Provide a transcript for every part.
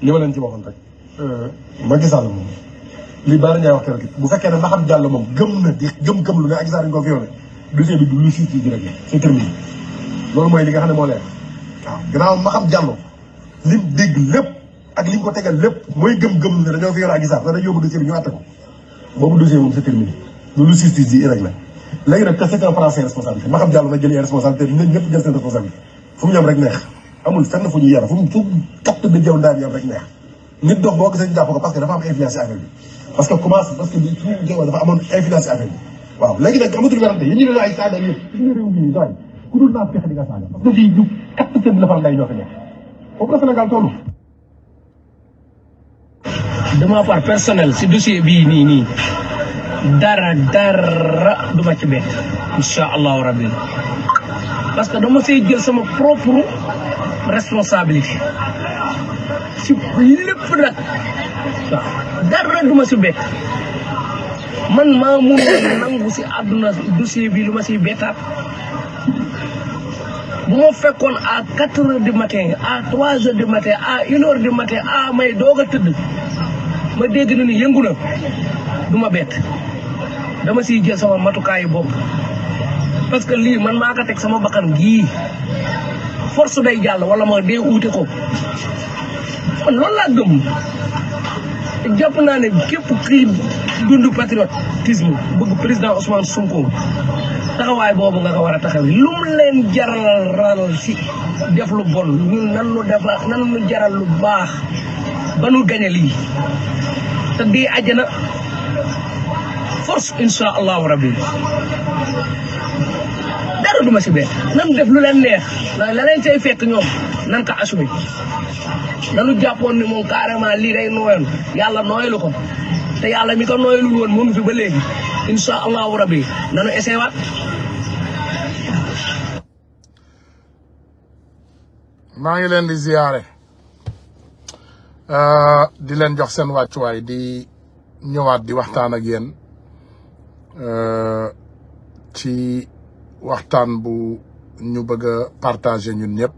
li ma leen ci waxoon rek Macky Sall moom li Baara Ndiaye wax keroog it bu fekkee ne ma xam jàll moom gëm na di gëm gëm lu ne Adji Sarr ñu ko violé dossier bi du lu siy ci di réglé c'est terminé loolu mooy li nga xam ne moo leer waaw gannaaw ma xam jàll lim dégg lépp ak li ko tegal lépp mooy gëm-gëm ne dañoo violé Adji Sarr dañoo yóbbu dossier bi ñu àtte ko boobu dossier moom c'est terminé lu lu siy ci di réglé léegi nag que c'est un français responsabilité ma xam jàll na jël seen responsabilité fenn fu ñu yara fu mu fu mu topp di jaww rek neex nit dox boo gisee ñu jàpp ko parce que dafa am influence affaire bi parce que commencé parce que suñu jéem dafa amoon influence affaire bi waaw léegi nag amatul werante yéen ñu ne la ay saaga yëpp suñu réew mi doy ku dul naa fexe di nga saaga parce que fii ñu quatre seen la fa am day ñoo ko nekk foofu la Sénégal toll de ma part personnel si dossier bii nii nii dara dara du ma ci bett incha allahu rabbi parce que dama see jël sama propre responsabilité si lépp nag waaw dara du ma si bett man maa mun nangu si àdduna dossier bi lu ma si bettaat bu ma fekkoon à quatre heures matin à trois heures du matin à une heure du matin à may doog a tëdd ma dégg na ni yëngu na du bett dama si jël sama matukaayu bopp parce que lii man maa ko teg sama bakkan gii force day jàll wala ma dee uute ko man loolu laa gëm jàpp naa ne képp kii dund patriotisme bëgg président Ousmane Sonko taxawaay boobu nga ko war a taxawee lu mu leen jaral ral si def lu bon nan nu defa lu baax ba nu gañe lii te di àjjana force insha allahu rabbi dara ma si bee nan def lu leen neex la leen cay fekk ñoom nan ko assumé dañu jàppoon ni moom carrément lii day nooyoon yàlla nooyalu ko te yàlla mi ko nooyalul woon mu ngi fi ba léegi allahu rabbi nanu essayé waat maa ngi leen di ziyaare euh, di leen jox seen wàccuwaay di ñëwaat di waxtaan ak yéen euh, ci waxtaan bu ñu bëgg a partager ñun ñëpp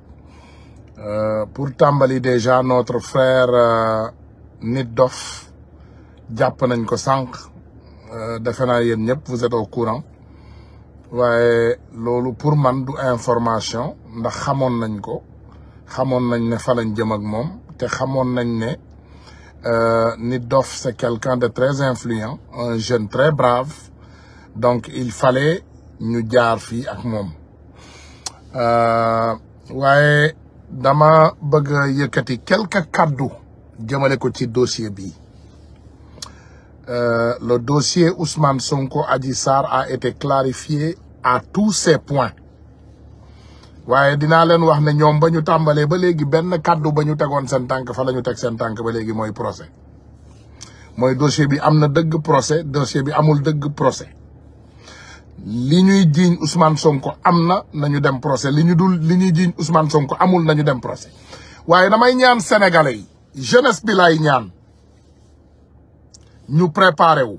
Euh, pour tàmbali déjà notre frère euh, Nit Dof jàpp nañ ko sànq euh, defe naa yéen ñëpp vous êtes au courant waaye loolu pour man du information ndax xamoon nañ ko xamoon nañ ne fa lañ jëm ak moom te xamoon nañ ne Nit Dof c'est quelqu'un de très influent un jeune très brave donc il fallait ñu jaar fii ak moom waaye dama bëgg a yëkkati quelques kàddu jëmale ko ci dossier bi euh, le dossier Ousmane Sonko Adji Sarr a été clarifié à tout ses points waaye dinaa leen wax ne ñoom ba ñu tàmbalee ba léegi benn kàddu ba ñu tegoon seen tànk fa la ñu teg seen tànk ba léegi mooy procès mooy dossier bi am na dëgg procès dossier bi amul dëgg procès li ñuy jiiñ Ousmane Sonko am na na ñu dem procès li ñu dul li ñuy jiiñ Ousmane Sonko amul nañu dem procès waaye damay ñaan sénégalais yi bi laay ñaan ñu préparé wu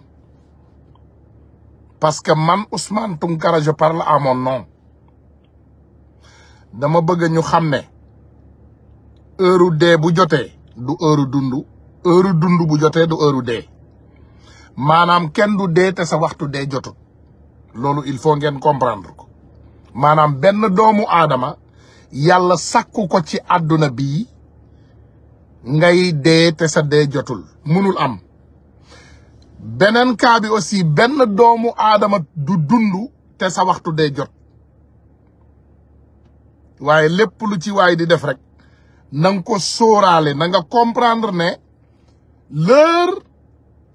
parce que man Ousmane Tounkara je la amoon noon dama bëgg ñu xam ne heure dee bu jotee du heure dund heure dund bu jotee du heure dee maanaam kenn du dee te sa waxtu dee jotut loolu il faut ngeen comprendre ko maanaam benn doomu aadama yàlla sàkku ko ci àdduna bi ngay dee te sa dee jotul mënul am beneen cas aussi benn doomu aadama du dund te sa waxtu dee jot waaye lépp lu ci waay di def rek na ko sooraale na nga comprendre ne l'heure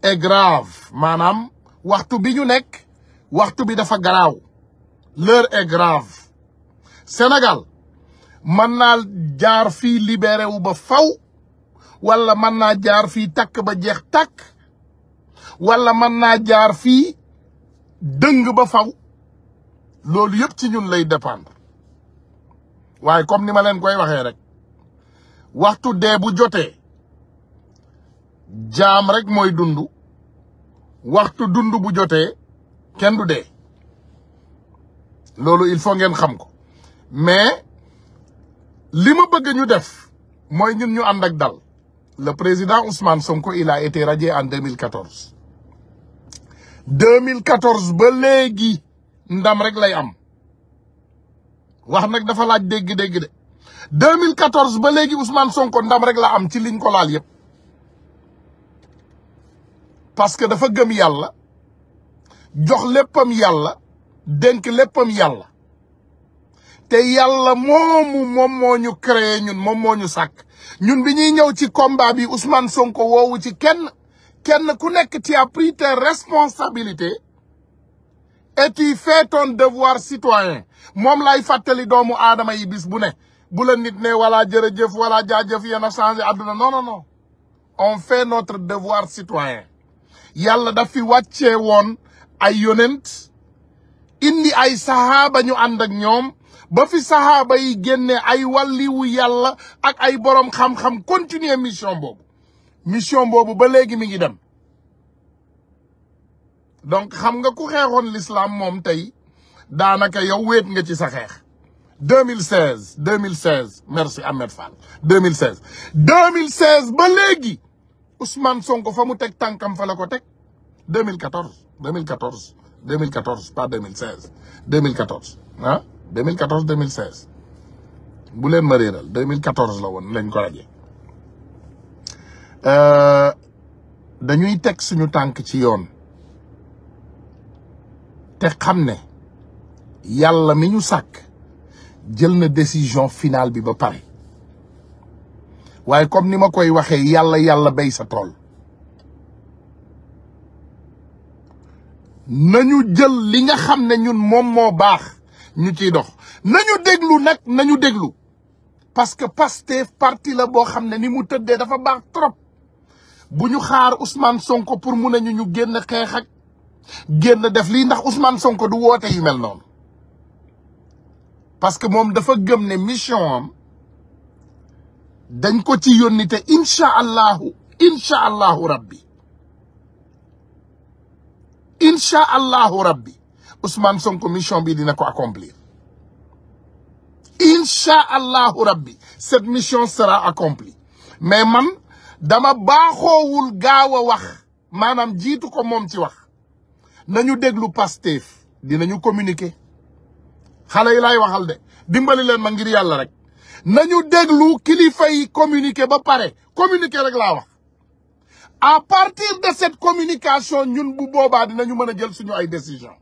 est grave maanaam waxtu bi ñu nekk waxtu bi dafa garaaw l'heure est grave Sénégal mën naa jaar fi libéré ba faw walla mën naa jaar fi takk ba jeex takk wala mën naa jaar fii dëng ba faw loolu yëpp ci ñun lay dépendre waaye comme ni ma leen koy waxee rek waxtu dee bu jotee jaam rek mooy dund waxtu dund bu jotee kenn de loolu il faut ngeen xam ko mais li ma bëgg ñu def mooy ñun ñu ànd ak dal le président Ousmane Sonko il a été radié en 2014 2014 ba léegi ndam rek lay am wax nag dafa laaj dégg-dégg de 2014 ba léegi Ousmane Sonko ndam rek la am ci liñ ko laal yépp parce que dafa gëm yàlla jox léppam yàlla dénk léppam yàlla te yàlla moomu moom moo ñu créé ñun moom moo ñu sàkk ñun bi ñuy ñëw ci combat bi Ousmane Sonko woowu ci kenn kenn ku nekk tu as pris tes responsabilités et tu fais ton devoir citoyen moom lay fàttali doomu aadama yi bis bu ne bu la nit ne wala jërëjëf wala jaajëf yéen a changé àdduna non non non on fait notre devoir citoyen yàlla daf wàcce woon ay yonent indi ay saxaaba ñu ànd ak ñoom ba fi saxaaba yi génne ay wàlliwu yàlla ak ay boroom xam-xam continuer mission boobu mission boobu ba léegi mi ngi dem donc xam nga ku xeexoon l'islam moom tey daanaka yow weet nga ci sa xeex 2016 2016 merci Ahmed Fall 2016 2016 ba léegi Ousmane Sonko fa mu teg tànkam fa la ko teg 2014 2014 2014 pas 2016 2014 ah 2014 2016 bu leen ma réeral 2014 la woon lañ ko rajee euh, dañuy teg suñu tànk ci yoon te xam ne yàlla mi ñu sàkk jël na décision finale bi ba pare waaye comme ni ma koy waxee yàlla yàlla béy sa tool nañu jël li nga xam ne ñun moom moo baax ñu ciy dox nañu déglu nag nañu déglu parce que Pastef parti la boo xam ne ni mu tëddee dafa baax trop bu ñu xaar Ousmane Sonko pour mu nañu ñu ñu génn xeex génn def lii ndax Ousmane Sonko du woote yu mel noonu parce que moom dafa gëm ne mission am dañ ko ci yónni te incha allahu incha allahu rabbi incha allahu rabbi Ousmane Sonko mission bii dina ko accomplir incha allahu rabbi cette mission sera accomplie mais man dama baaxoowul gaaw a wax maanaam jiitu ko moom ci wax nañu déglu Pastef dinañu communiquer xale yi laay waxal de dimbali leen ma ngir yàlla rek nañu déglu kilifa yi communiquer ba pare communiquer rek laa wax. à partir de cette communication ñun bu boobaa dinañu mën a jël suñu ay décision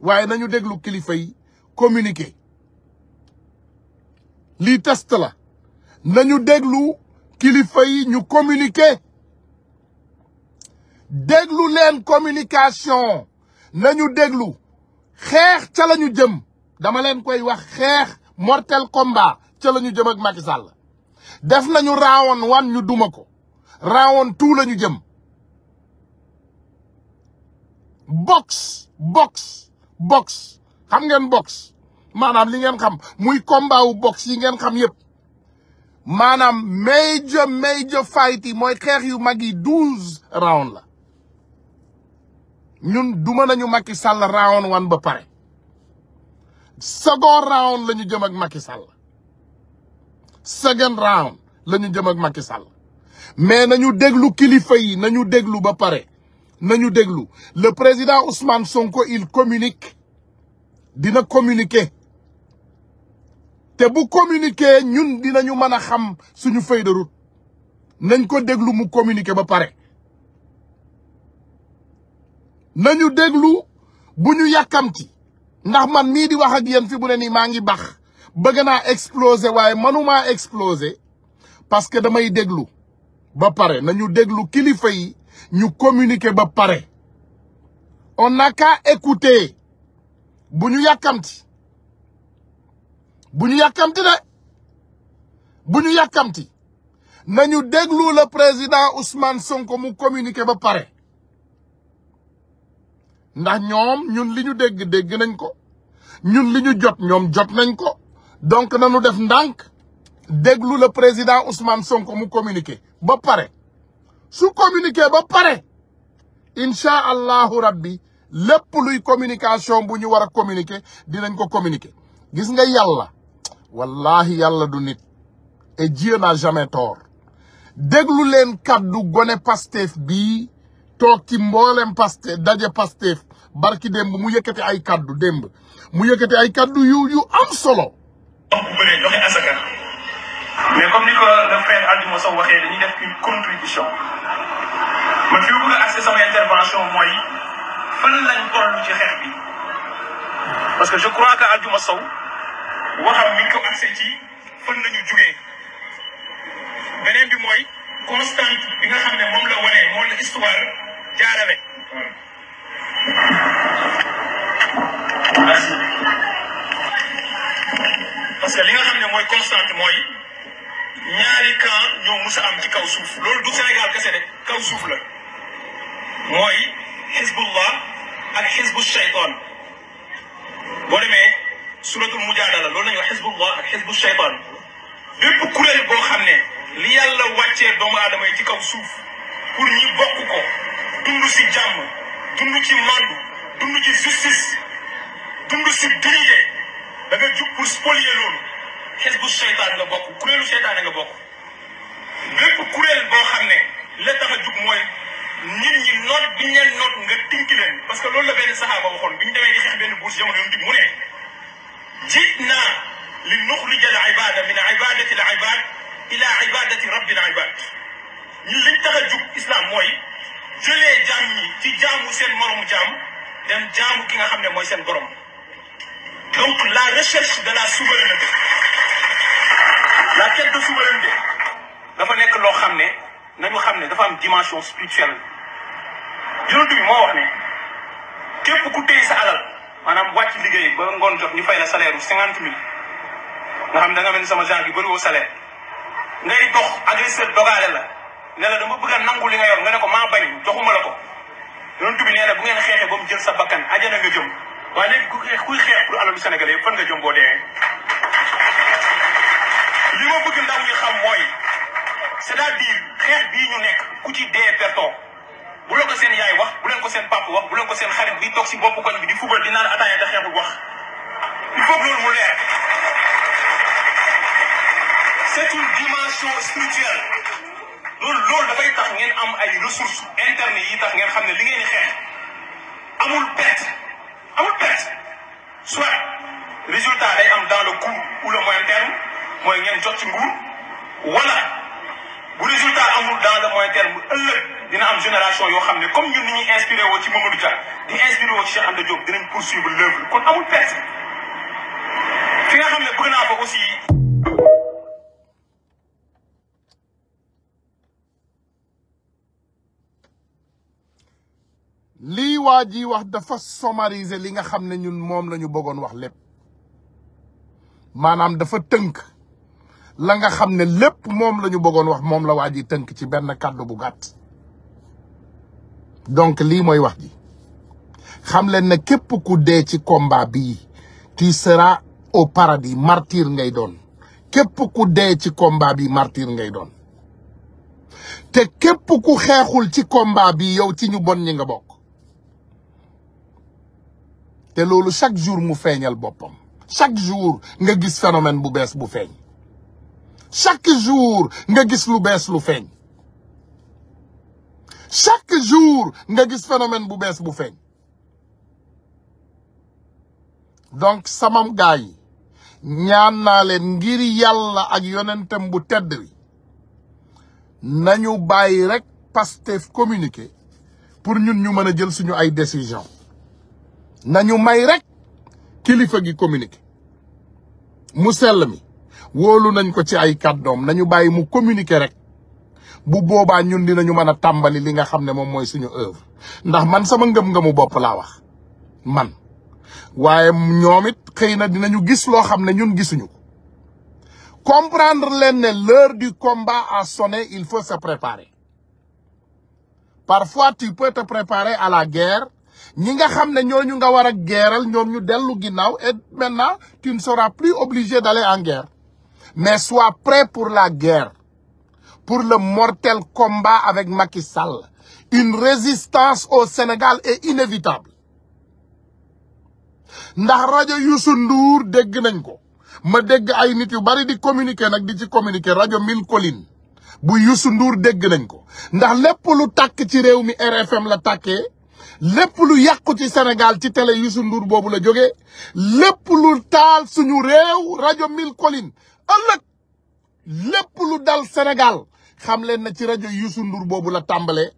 waaye nañu déglu kilifa yi communiquer lii test la nañu déglu kilifa yi ñu communiquer déglu leen communication nañu déglu xeex ca lañu jëm dama leen koy wax xeex mortel combat ca lañu ñu jëm ak Macky def nañu raawoon wan ñu duma ko rawoon tout lañu jëm box box box xam ngeen box maanaam li ngeen xam muy combat wu box yi ngeen xam yépp maanaam major major fight mooy xeex yu mag yi douze round la ñu duma nañu Macky Sall round wan ba pare second round la ñu jëm ak Macky Sall second round la ñu jëm ak maki Sall mais nañu déglu kilifa yi nañu déglu ba pare nañu déglu le président Ousmane Sonko il communique dina communiquer te bu communiquer ñun dinañu mën a xam suñu feuille de nañ ko déglu mu communiquer ba pare nañu déglu bu ñu yàkkamti ndax man mii di wax ak yéen fi bu ne nii maa ngi baax bëgg naa exploser waaye mënumaa exploser parce que damay déglu ba pare nañu déglu kilifa yi ñu communiquer ba pare on naka qu'à bu ñu yàkkamti bu ñu yàkkamti de bu ñu yàkkamti nañu déglu la président Ousmane Sonko mu communiquer ba pare ndax ñoom ñun li ñu dégg dégg nañ ko ñun li ñu jot ñoom jot nañ ko donc nañu def ndànk déglu la président Ousmane Sonko mu communiqué ba pare su communiqué ba pare incha allahu rabbi lépp luy communication bu ñu war a communiqué dinañ ko communiqué gis nga yàlla wallahi yàlla du nit et Dieu n'a jamais tort déglu leen kàddu gone Pastef bii toog ci mboolem Pastef daje Pastef barki démb mu yëkkati ay kàddu démb mu yëkkati ay kàddu yu yu am solo. mais comme ni ko le frère Aldima Sow waxee dañuy def une contribution man fi ma bëgg a accès mooy fan lañ toll ci xeex bi parce que je crois que Aldima Sow waxam mi ngi ko accès ci fan la ñu jugee beneen bi mooy constante bi nga xam ne moom la wane moom la histoire que li nga xam ne mooy constante mooy. ñaari camp ñoo mus a am ci kaw suuf loolu du Sénégal kese de kaw suuf la mooy xisbullah ak xisbu shaytaan boo demee suratul mujaadala loolu la ñuy wax ak xisbu shaytaan bépp kuréel boo xam ne li yàlla wàccee doomu aadama yi ci kaw suuf pour ñi bokk ko dund si jàmm dund ci màndu dund ci justice dund si dirige da nga jug pour spolier loolu xisbu seytaan nga bokk kuréelu seytaane nga bokk bépp kuréel boo xam ne la tax a jug mooy nit ñi noot biñ leen noot nga tinki leen parce que loolu la benn saxaaba waxoon bi ñu demee di xeex benn buur si jamono yonent bi mu ne jiit naa li nuxrija al ibada min ibadati al ibad ila ibadati rabbil ibad ñun liñ tax a jug islam mooy jëlee jaam ñi ci jaamu seen moromu jàmm dem jaamu ki nga xam ne mooy seen borom donc la recherche de la souveraineté la quête de souveraineté dafa nekk loo xam ne nañu xam ne dafa am dimension spirituelle yonent bi moo wax ne képp ku téye sa alal maanaam wàcc liggéey ba ngoon jot ñu fay na salaire bu cinquante mille nga xam da nga mel sama genre yu bëri woo nga ngay dox agresseur dogaale la ne la dama bëgg a nangu li nga yor nga ne ko maa bañ joxuma la ko yonent bi nee na bu ngeen xeexee ba mu jël sa bakkan ajana nga jëm waaye léegi ku kuy xeex pour alalu Sénégalais yëpp fan nga li ma bëgg ndaw ñi xam mooy c'est-à-dire xeex bii ñu nekk ku ci dee perto bu leen ko seen yaay wax bu leen ko seen papa wax bu leen ko seen xarit bi toog si bopp koñ bi di fubal di naan ataaya te xeexul wax il faut que loolu mu leer c'est une dimension loolu loolu dafay tax ngeen am ay ressources internes yi tax ngeen xam ne li ngeen di xeex amul perte amul perte soit résultat day am daal le court ou le moyen terme mooy ngeen jot ci nguur wala bu résultat amul dans le moyen terme ëllëg dina am génération yoo xam ne comme ñun ni ñuy inspiré woo ci Mamadou Dia di inspiré ci Cheikh Anta Diop dinañ poursuivre l'œuvre kon amul perte fi nga xam ne bëgg naa fa aussi. lii waa ji wax dafa somarise li nga xam ne ñun moom la ñu bëggoon wax lépp maanaam dafa tënk la nga xam ne lépp moom la ñu bëggoon wax moom la waa ji tënk ci benn kàddu bu gàtt donc lii mooy wax ji xam leen ne képp ku dee ci combat bii tu seras au paradis martyr ngay doon képp ku dee ci combat bi martir ngay doon te képp ku xeexul ci komba bi yow ci ñu bon ñi nga bokk te loolu chaque jour mu feeñal boppam chaque jour nga gis phénomène bu bees bu feeñ chaque jour nga gis lu bees lu feeñ chaque jour nga gis phénomène bu bees bu feeñ donc samam gaay yi ñaan naa leen ngir yàlla ak yonentam bu tedd bi nañu bàyyi rek Pastef communiqué pour ñun ñu mën a jël suñu ay décision nañu may rek kilifa gi communiqué mu sell mi wóolu nañ ko ci ay kàddoom nañu bàyyi mu communiquer rek bu boobaa ñun dinañu mën a tàmbali li nga xam ne moom mooy suñu œuvre ndax man sama ngëm-ngëmu bopp laa wax man waaye ñoom it xëy na dinañu gis loo xam ne ñun gisuñu ko comprendre leen ne leur du combat a sonné il faut se préparer parfois tu peux te préparer à la guerre ñi nga xam ne ñoo ñu nga war a geeral ñoom ñu dellu ginnaaw et maintenant tu ne seras plus obligé d'aller en guerre mais sois prêt pour la guerre, pour le mortel combat avec Macky Sall. Une résistance au Sénégal est inévitable. ndax rajo Youssou Ndour dégg nañ ko ma dégg ay nit yu bari di communiquer nag di ci communiquer rajo Mille Collines bu Youssou nduur dégg nañ ko ndax lépp lu tàkk ci réew mi RFM la tàkkee lépp lu yàqu ci Sénégal ci télé Youssou Ndour boobu la jógee lépp lu taal suñu réew rajo Mille Collines ëllëg lépp lu dal Sénégal xam leen na ci rajo Youssou Ndour boobu la tàmbalee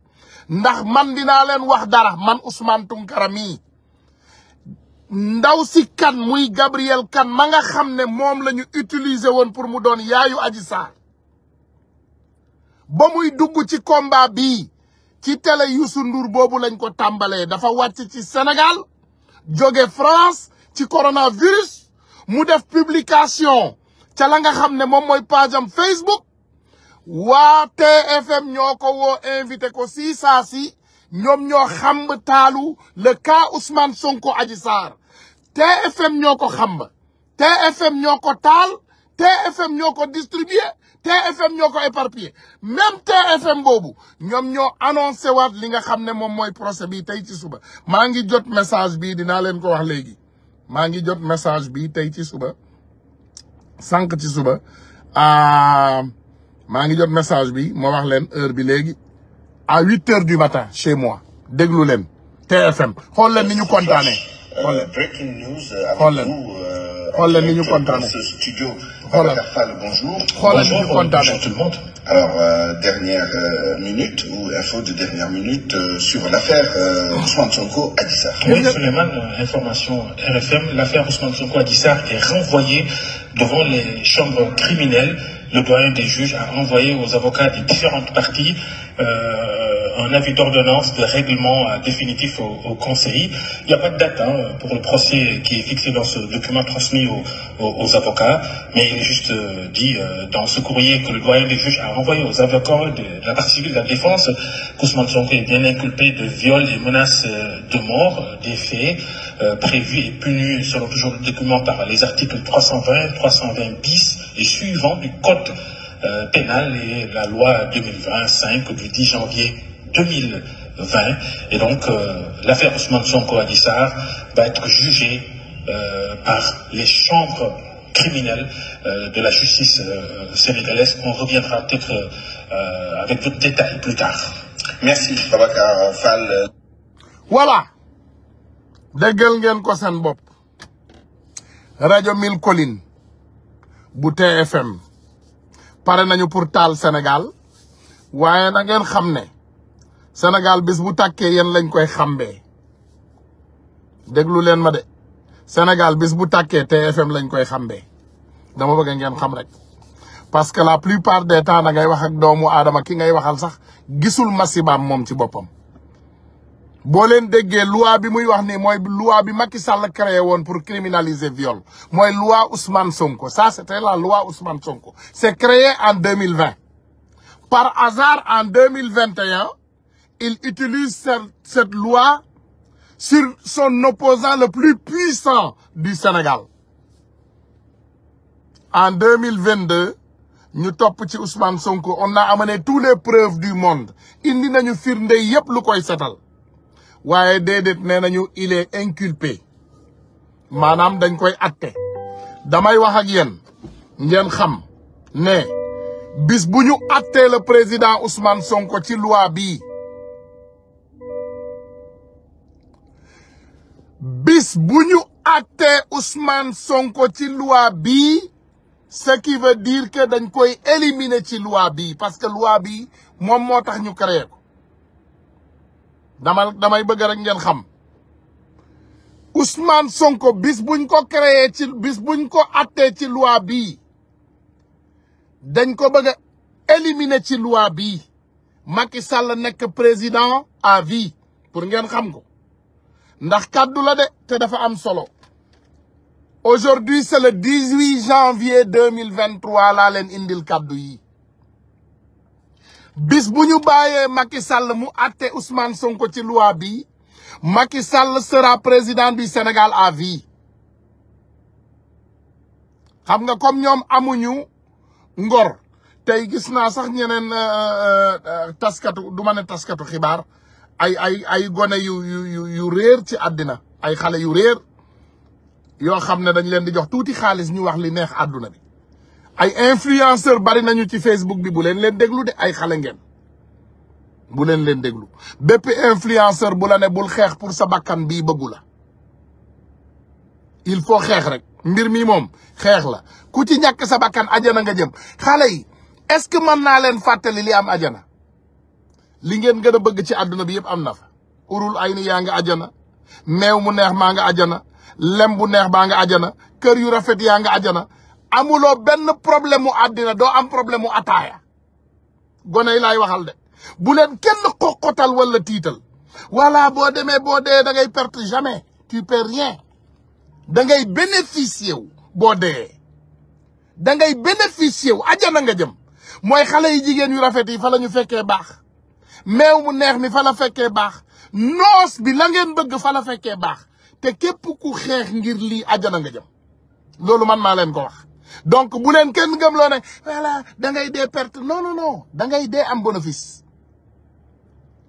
ndax man dinaa leen wax dara man Ousmane Tounkara mii ndaw si kan muy Gabriel kan ma nga xam ne moom lañu utilise woon pour mu doon yaayu Adji Sarr ba muy dugg ci combat bi ci télé Youssou Ndour boobu lañ ko tàmbalee dafa wàcc ci Sénégal jóge France ci coronavirus mu def publication ca la nga xam ne moom mooy page am Facebook waa TFM ñoo ko woo invité ko si saa si ñoom ñoo xam xamb taalu le cas Ousmane Sonko Adji Sarr TFM ñoo ko xamb TFM ñoo ko taal TFM ñoo ko distribuer TFM ñoo ko éparpillé même TFM boobu ñoom ñoo annoncé waat li nga xam ne moom mooy procès bi tey ci suba maa ngi jot message bi dinaa leen ko wax léegi maa ngi jot message bi tey ci suba sànq ci suba maa ngi jot message bi ma wax leen heure bi léegi à huit heures du matin chez moi déglu leen TFM xool leen ni ñu kontaane xool leen euh, xool leen euh, xool leen ni ñu kontaane xoolal xoolal ni ñu kontaane Alors, euh, dernière euh, minute ou info de dernière minute euh, sur l'affaire euh, Ousmane Sonko Adissar. Oui, Suleiman, information RFM, l'affaire Ousmane Sonko Adissar est renvoyée devant les chambres criminelles. Le doyen des juges a envoyé aux avocats des différentes parties Euh, un avis d'ordonnance de règlement euh, définitif au, au Conseil. Il n'y a pas de date hein, pour le procès qui est fixé dans ce document transmis aux, avocats, mais il est juste euh, dit dans ce courrier que le doyen des juges a envoyé aux avocats de, la partie de la défense qu'Ousmane Sonko est bien inculpé de viol et menaces de mort, des faits prévus et punis selon toujours le document par les articles bis et suivants du Code euh, pénale et la loi 2020-5 du janvier Et donc, euh, l'affaire Ousmane Sonko Adissar va être jugée euh, par les chambres criminelles euh, de la justice euh, sénégalaise. On reviendra peut-être avec tout détail plus tard. Merci, Babacar Fall. Voilà. déggal ngeen ko seen Mille Collines bu TFM pare nañu pour taal Sénégal waaye na ngeen xam ne Sénégal bis bu tàkkee yéen lañ koy xàmbee déglu leen ma de Sénégal bis bu tàkkee TFM lañ koy xàmbee dama bëgg ngeen xam rek. parce que la plupart des temps da ngay wax ak doomu aadama ki ngay waxal sax gisul masibaam moom ci boppam. boo leen déggee loi bi muy wax ni mooy loi bi Macky Sall créé woon pour criminaliser viol mooy loi Ousmane Sonko ça c'était la loi Ousmane Sonko c'est créé en 2020 par hasard en 2021 il utilise cette loi sur son opposant le plus puissant du Sénégal en 2022 ñu topp ci Ousmane Sonko on a amené toutes les preuves du monde indi nañu firnde yépp lu koy setal waaye déedéet nee nañu il est inculpé maanaam dañ koy atte damay wax ak yéen ngeen xam ne bis bu ñu attee le président Ousmane Sonko ci loi bi bis bu ñu attee Ousmane Sonko ci loi bi ce qui veut dire que dañ koy éliminer ci loi bii parce que loi bii moom moo tax ñu créé dama damay bëgg rek ngeen xam Ousmane Sonko bis buñ ko créé ci bis buñ ko atte ci loi bii dañ ko bëgg a éliminer ci loi bii Macky Sall nekk président à vie pour ngeen xam ko ndax kàddu la de te dafa am solo aujourd'hui c'est le 18 janvier 2023 laa leen indil kaddu yi bis bu ñu bàyyee Macky Sall mu atte Ousmane Sonko ci loi bi Macky Sall sera président du Sénégal à vie xam nga comme ñoom amuñu ngor tey gis naa sax ñeneen euh, euh, euh, taskatu du ma ne taskatu xibaar ay ay ay gone yu yu yu réer ci àddina ay xale yu réer yoo xam ne dañ leen di jox tuuti xaalis ñu wax li neex àdduna bi ay influenceur bari nañu ci Facebook bi bu leen leen déglu de ay xale ngeen bu leen leen déglu bépp influenceur bu la ne bul xeex pour sa bakkan bii bëggu la il faut xeex rek mbir mi moom xeex la ku ci ñàkk sa bakkan ajana nga jëm xale yi est-ce que mën naa leen fàttali li am ajana li ngeen gën a bëgg ci àdduna bi yëpp am na fa urul ay ni yaa nga ajana meew mu neex maa nga ajana lem bu neex baa nga ajana kër yu rafet yaa nga ajana amuloo benn problème mu àddina doo am problème mu ataaya gone yi laay waxal de bu leen kenn xoqotal wala tiital voilà boo demee boo dee da ngay perte jamais tu perds rien da ngay bénéficier boo dee da ngay bénéficier wu ajana nga jëm mooy xale yi jigéen yu rafet yi fa la ñu fekkee baax meew mu neex mi fa la fekkee baax noos bi la ngeen bëgg fa la fekkee baax te képp ku xeex ngir lii ajana nga jëm loolu man maa leen ko wax donc bu leen kenn gëmloo ne voilà da ngay dee perte non non non dee am bénéfice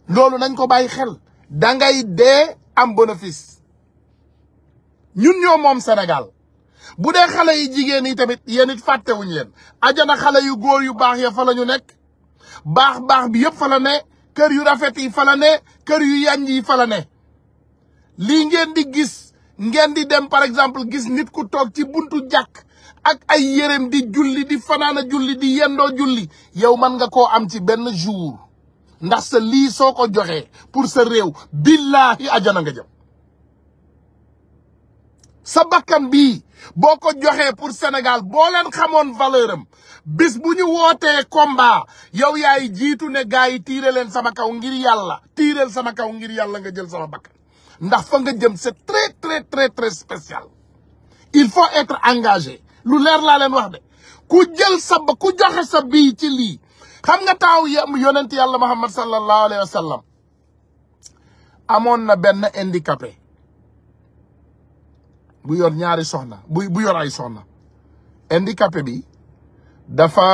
loolu nañ ko bàyyi xel da ngay dee am bénéfice ñun ñoo moom senegal bu dee xale yi jigéen yi tamit yéen fàttewuñ fàttewuñu leen ajana xale yu góor yu baax ya fa la ñu nekk baax baax bi yëpp fa la ne kër yu rafet yi fa la ne kër yu yanj yi fa la ne lii ngeen di gis ngeen di dem par exemple gis nit ku toog ci buntu jàkk ak ay yéreem di julli di fanaana julli di yendoo julli yow man nga koo am ci benn jour ndax sa lii soo ko joxee pour sa réew billaahi ajana nga jëm sa bakkan bi boo ko joxee pour Sénégal boo leen xamoon valeuram am bis bu ñu woote combat yow yaay jiitu ne gars yi tiire leen sama kaw ngir yàlla tiireel sama kaw ngir yàlla nga jël sama bakkan ndax fa nga jëm c'est très très très très spécial il faut être engagé lu leer laa leen wax de ku jël sa ba ku joxe sa bii ci lii xam nga taaw yonent yàlla Muhammad sallallahu alayhi wa sallam amoon na benn handicapé bu yor ñaari soxna bu bu yor ay soxna handicapé bi dafa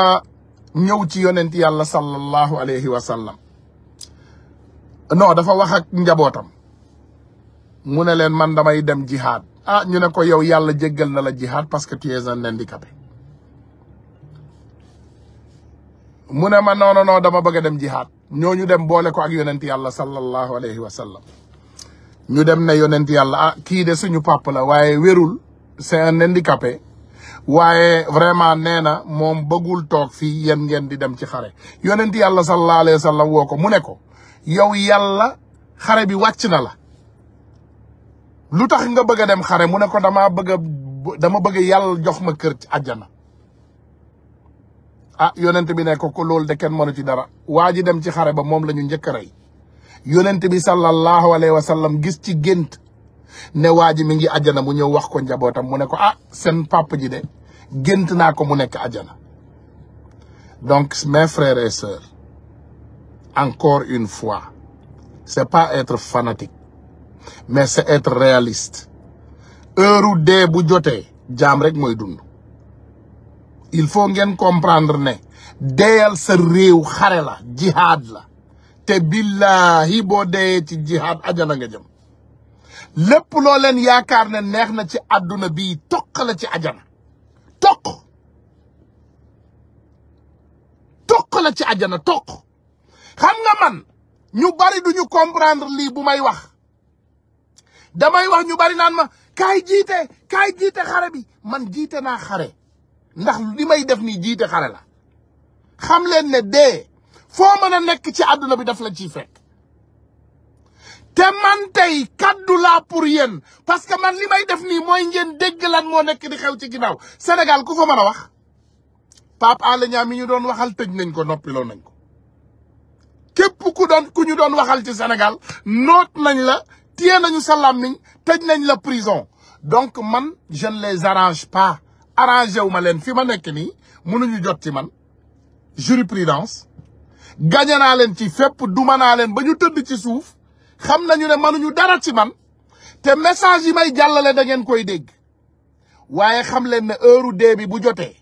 ñëw ci yonent yàlla sallallahu alayhi wa sallam dafa wax ak njabootam mu ne leen man damay dem jihaad ah ñu ne ko yow yàlla jéggal na la jihad parce que tu es un mu ne ma non non non dama bëgg dem dem ñoo ñu dem boole ko ak yonent yàlla sallallahu alayhi wa sallam ñu dem ne yonent yàlla ah kii de suñu papa la waaye wérul se un handicapé waaye vraiment nee na moom bëggul toog fii yéen ngeen di dem ci xare yonent yàlla sallallahu alayhi wa sallam ko mu ne ko yow yàlla xare bi wàcc na la lu tax nga bëgg a dem xare mu ne ko damaa bëgg dama bëgg yàlla jox ma kër ci àjjana ah yonent bi ne ko ko loolu de kenn mënu ci dara waa ji dem ci xare ba moom la ñu njëkk a rey yonent bi sallallahu alayhi wa sallam gis ci gént ne waa ji mi ngi àjjana mu ñëw wax ko njabootam mu ne ko ah seen papa ji de gént naa ko mu nekk àjjana donc mes frères et sœurs encore une fois c'est pas être fanatique mais c'est être réaliste heure dee bu jotee jaam rek mooy dund il faut ngeen comprendre ne deyal sa réew xare la jihaad la te billahi boo deyee ci jihaad ajana nga jëm lépp loo leen yaakaar ne neex na ci àdduna bi toq la ci ajana toq toq la ci ajana toq xam nga man ñu bari duñu comprendre lii bu may wax damay wax ñu bari naan ma kaay jiite kaay jiite xare bi man jiite naa xare ndax li may def nii jiite xare la xam leen ne dee foo mën a nekk ci àdduna bi daf la ciy fekk te man tey kaddu laa pour yéen parce que man li may def nii mooy ngeen dégg lan moo nekk di xew ci ginnaaw Sénégal ku fa mën a wax Pape Alé Niang mi ñu doon waxal tëj nañ ko noppiloo nañ ko képp ku doon ku ñu doon waxal ci senegal noot nañ la téye nañu sa làmmiñ tëj nañ la prison donc man jeune les arrange pas arrangé wu ma leen fi ma nekk nii mënuñu jot ci man jurisprudence gañe naa leen ci fépp duma naa leen ba ñu tëdd ci suuf xam nañu ne mënuñu dara ci man te message yi may jàllale da ngeen koy dégg waaye xam leen ne heure dee bi bu jotee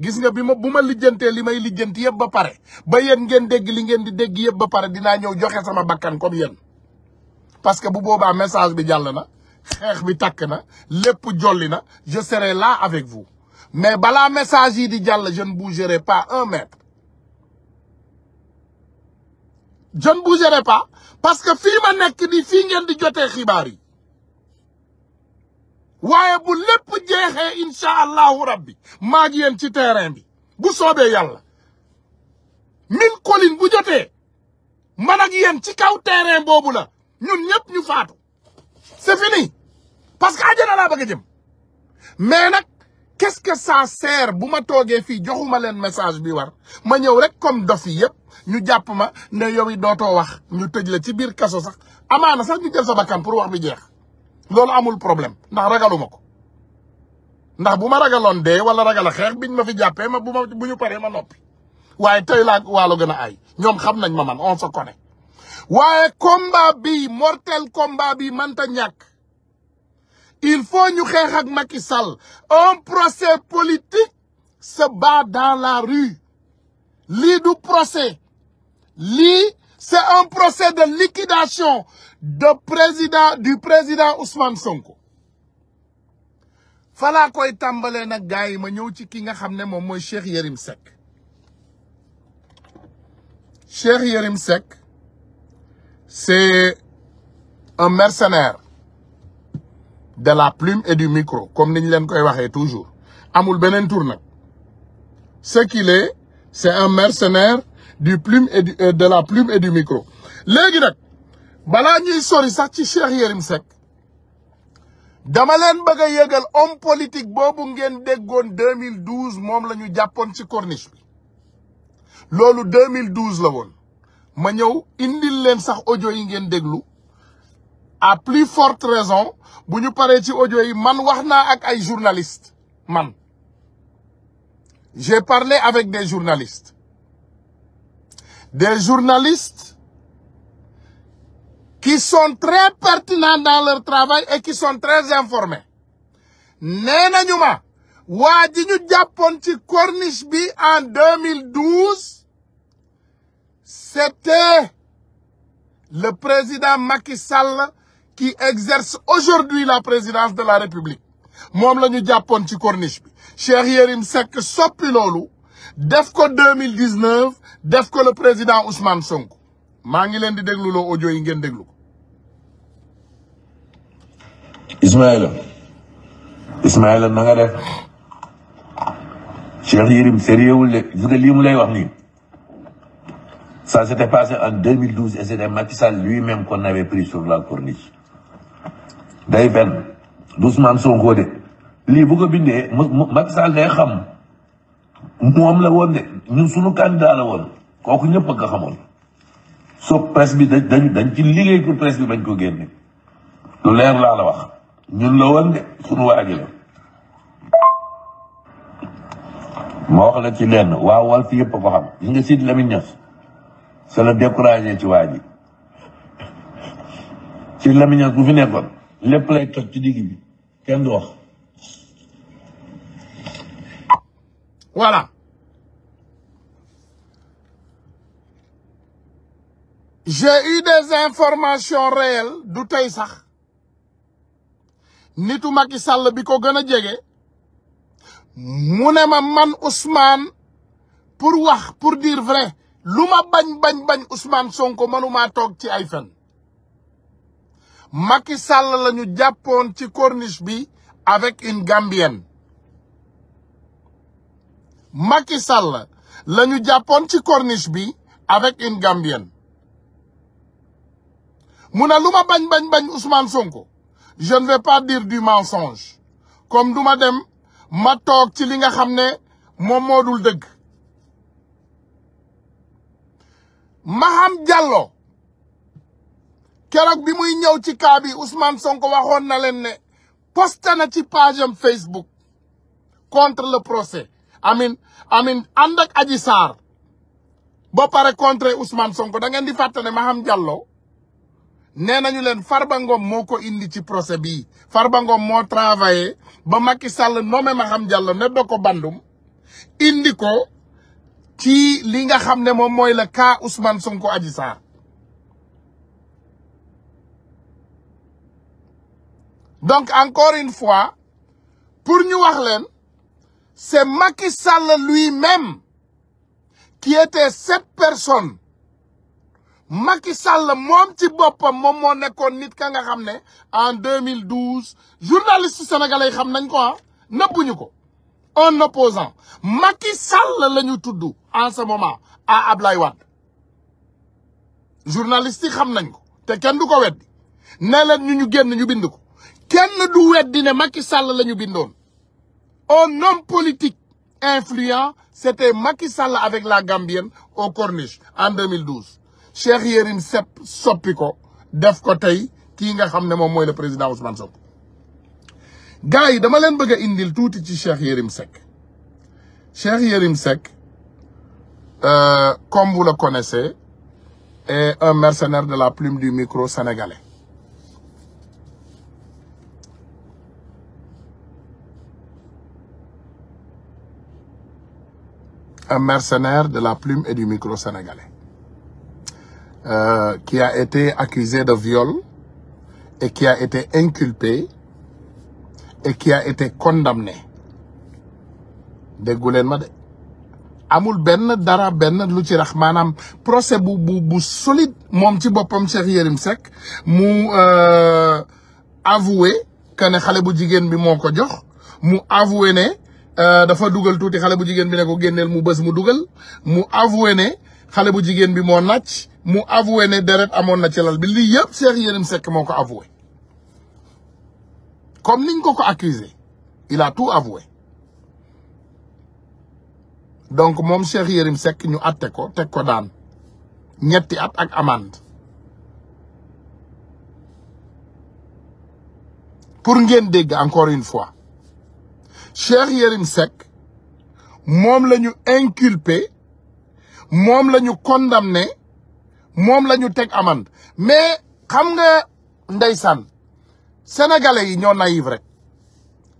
gis nga bi ma bu ma lijjantee li may lijjanti yëpp ba pare ba yéen ngeen dégg li ngeen di dégg yëpp ba pare dinaa ñëw joxe sama bakkan comme yéen parce que bu boobaa message bi jàll na xeex bi takk na lépp jolli na je serai là avec vous mais balaa message yi di jàll je ne bougerai pas un mètre je bu bougerai pas parce que fii ma nekk di fii ngeen di jotee xibaar yi waaye bu lépp jeexee incha allahu rabbi maa ngi yéen ci terrain bi bu soobee yàlla min colline bu jotee man ak yéen ci kaw terrain boobu la ñun ñëpp ñu faatu c'est fini parce que àjjana laa bëgg a mais nag qu'est-ce que ça sert bu ma toogee fii joxuma leen message bi war ma ñëw rek comme dof yi yëpp ñu jàpp ma ne yow it dootoo wax ñu tëj le ci biir kaso sax amaana sax ñu jël sa bakkan pour wax bi jeex loolu amul problème ndax ragaluma ko ndax bu ma ragaloon dee wala ragal a xeex biñ ma fi jàppee ma bu ma bu ñu paree ma noppi waaye tey laa waalo gën a ay ñoom xam nañ ma man on se connaît waaye komba bi mortel komba bi manta ñàkk il faut ñu xeex ak Macky Sall un procès politique se bat dans la rue lii du procès lii c'est un procès de liquidation de président du président Ousmane Sonko falaa koy tàmbalee nag gars yi ma ñëw ci ki nga xam ne moom mooy Cheikh Yérim Seck Cheikh Seck c'est un mercenaire de la plume et du micro comme ni leen koy waxee toujours amul beneen tour nag ce qu'il est c'est un mercenaire du plume et euh, de la plume et du micro léegi nag balaa ñuy sori sax ci Cheikh Yérim Seck dama leen bëgg a yëgal homme politique boobu ngeen déggoon 2012 moom la ñu jàppoon ci corniche bi loolu 2012 la woon ma ñëw indil leen sax ojo yi ngeen déglu à plus forte raison bu ñu paree ci ojo yi man wax na ak ay journalistes man j'ai parlé avec des journalistes des journalistes qui sont très pertinents dans leur travail et qui sont très informés nee nañu ma waa ji ñu jàppoon ci corniche bi en 2012 C'était le président Macky Sall qui exerce aujourd'hui la présidence de la République moom la ñu jàppoon ci corniche bi Cheikh Yérim Seck soppi loolu def ko 2019 def ko le président Ousmane Sonko maa ngi leen di déglu loo audio ngeen déglu ko Ismaïla Ismaïla na nga def Cheikh Yérim sérieux wul de gis nga lii mu lay wax nii Ça s'était passé en 2012 et c'était Macky Sall lui-même qu'on avait pris sur la corniche. day benn Ousmane Sonko de lii bu ko bindee Macky Sall day xam moom la woon de ñun suñu candidat la woon kooku ñëpp a ko xamoon. so presse bi dañ dañ ci liggéey pour presse bi bañ ko génne lu leer laa la wax ñun la woon de suñu waa ji ma wax la ci lenn waa Walf yëpp a ko xam ñi nga Sidy Lamine Niass sa la découragé ci waa ji ci lamiñas bu fi nekkoon lépp lay toj ci digg bi kenn du wax voilà eu des informations réelles du tey sax nitu Macky Sall bi ko gën a jege mu ne ma man Ousmane pour wax pour dire vrai lu ma bañ bañ bañ Sonko mënumaa toog ci ay fen Macky Sall la ñu jàppoon ci corniche bi avec une gambienne Macky Sall jàppoon ci corniche bi avec une gambienne mu ne lu ma bañ bañ bañ Ousmane Sonko je ne vais pas dire du mensonge comme du ma dem ma toog ci li nga xam ne moom moo dul dëgg. Maham Diallo keroog bi muy ñëw ci kaa bi Sonko waxoon na leen ne posté ci page am Facebook contre le procès amin amin ànd ak Adji ba pare contre Ousmane Sonko da ngeen di fàttali ne Maham Diallo nee nañu leen Farba Ngom moo ko indi ci procès bii Farba Ngom moo travaillé ba maki Sall nommé Maham Diallo ne do ko bandum indi ko ci li nga xam ne moom mooy le cas Ousmane ko aji Sarr donc encore une fois pour ñu wax leen c'est Macky Sall lui-même qui était cette personne Macky Sall moom ci boppam moom moo nekkoon nit ka nga xam ne en 2012 journaliste sénégalais yi xam nañ ko ah nëbbuñu ko. un opposant Macky Sall la ñu tudd en ce moment à Ablaye Wade journaliste yi xam nañ ko te kenn du ko weddi ne leen ñu ñu génn ñu bind ko kenn du weddi ne Macky Sall la ñu bindoon un homme politique influent c'était Macky Sall avec la Gambienne au Corniche en 2012 Cheikh Yérim Sepp soppi ko def ko tey kii nga xam ne moom mooy le président Ousmane Sonko gars yi dama leen bëgg a indil tuuti ci Cheikh Yérim Seck Cheikh Yérim Seck euh, comme vous le connaissez de la plume du micro sénégalais un mercenaire de la plume et du micro sénégalais euh, qui a été accusé de viol et qui a été inculpé et qui a été condamné déggu ma de amul benn dara benn lu ci rax maanaam procès bu bu bu moom ci boppam Cheikh Yérim Seck mu euh, avoué que ne xale bu jigéen bi moo ko jox mu avoué ne euh, dafa dugal tuuti xale bu jigéen bi ne ko génneel mu bës mu dugal mu avoué ne xale bu jigéen bi moo nàcc mu avoué ne deret amoon na ci lal bi lii yëpp Cheikh Yérim Seck avoué comme niñ ko ko accusé il a tout avoué donc moom Cheikh Yérim Seck ñu atte ko teg ko daan ñetti at ak amande pour ngeen dégg encore une fois Cheikh Yérim Seck moom lañu ñu inculpé moom la ñu condamné moom la ñu teg amande mais xam nga ndeysaan sénégalais yi ñoo naïf rek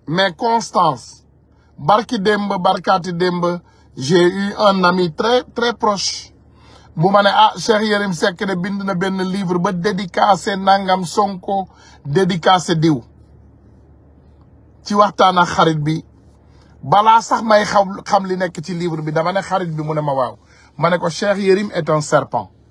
mais constance barki demb barkaati démb j'ai eu un ami très très proche bu ma ne ah Cheikh Yérim Seck de bind na benn livre ba dédicacé nangam Sonko dédicacé diw ci waxtaan ak xarit bi balaa sax may xam xam li nekk ci livre bi dama ne xarit bi mu ne ma waaw ma ne ko Cheikh Yérim est un serpent